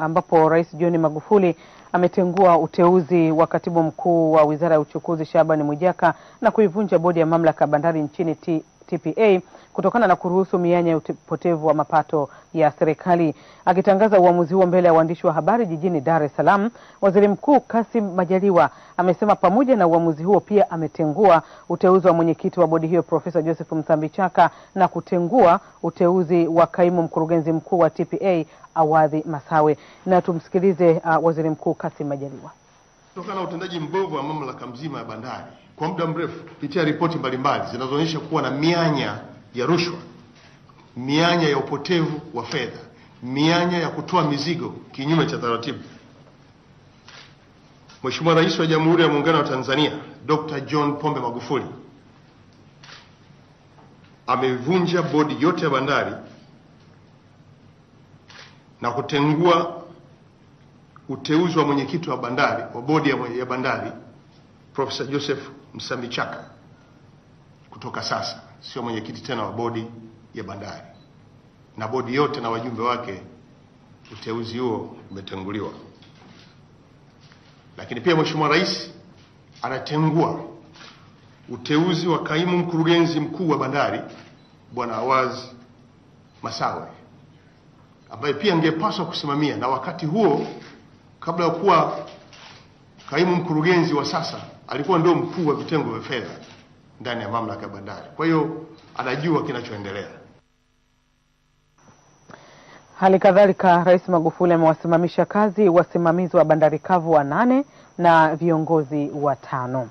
Ambapo Rais John Magufuli ametengua uteuzi wa katibu mkuu wa Wizara ya Uchukuzi Shabani Mwijaka na kuivunja Bodi ya Mamlaka ya Bandari nchini TPA kutokana na kuruhusu mianya ya upotevu wa mapato ya serikali. Akitangaza uamuzi huo mbele ya waandishi wa habari jijini Dar es Salaam, Waziri Mkuu Kassim Majaliwa amesema pamoja na uamuzi huo pia ametengua uteuzi wa mwenyekiti wa bodi hiyo Profesa Joseph Msambichaka na kutengua uteuzi wa kaimu mkurugenzi mkuu wa TPA Awadhi Masawe. Na tumsikilize uh, Waziri Mkuu Kassim Majaliwa kutokana na utendaji mbovu wa mamlaka mzima ya bandari kwa muda mrefu, kupitia ripoti mbalimbali zinazoonyesha kuwa na mianya ya rushwa, mianya ya upotevu wa fedha, mianya ya kutoa mizigo kinyume cha taratibu. Mheshimiwa Rais wa Jamhuri ya Muungano wa Tanzania Dr. John Pombe Magufuli amevunja bodi yote ya bandari na kutengua uteuzi wa mwenyekiti wa bandari wa bodi ya bandari Profesa Joseph msambichaka kutoka sasa sio mwenyekiti tena wa bodi ya bandari na bodi yote na wajumbe wake. Uteuzi huo umetenguliwa. Lakini pia Mheshimiwa Rais anatengua uteuzi wa kaimu mkurugenzi mkuu wa bandari Bwana Awaz Masawe ambaye pia angepaswa kusimamia na wakati huo kabla ya kuwa kaimu mkurugenzi wa sasa alikuwa ndio mkuu wa vitengo vya fedha ndani ya mamlaka ya bandari. Kwa hiyo anajua kinachoendelea. Hali kadhalika, Rais Magufuli amewasimamisha kazi wasimamizi wa bandari kavu wa nane na viongozi watano.